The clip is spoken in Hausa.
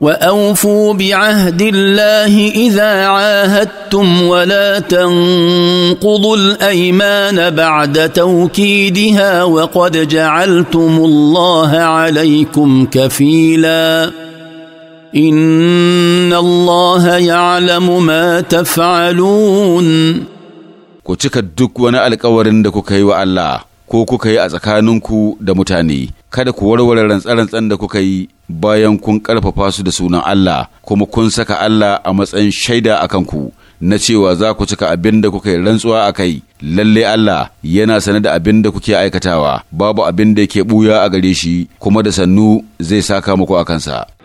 واوفوا بعهد الله اذا عاهدتم ولا تنقضوا الايمان بعد توكيدها وقد جعلتم الله عليكم كفيلا ان الله يعلم ما تفعلون ku cika duk wani alkawarin da kuka yi wa Allah ko kuka yi a tsakaninku da mutane kada ku warware rantsarantsan da kuka yi bayan kun ƙarfafa su da sunan Allah kuma kun saka Allah a matsayin shaida a kanku na cewa za ku cika abin da kuka yi rantsuwa a kai lalle Allah yana sane da abin da kuke aikatawa babu abin da yake buya a gare shi kuma da sannu zai saka muku a kansa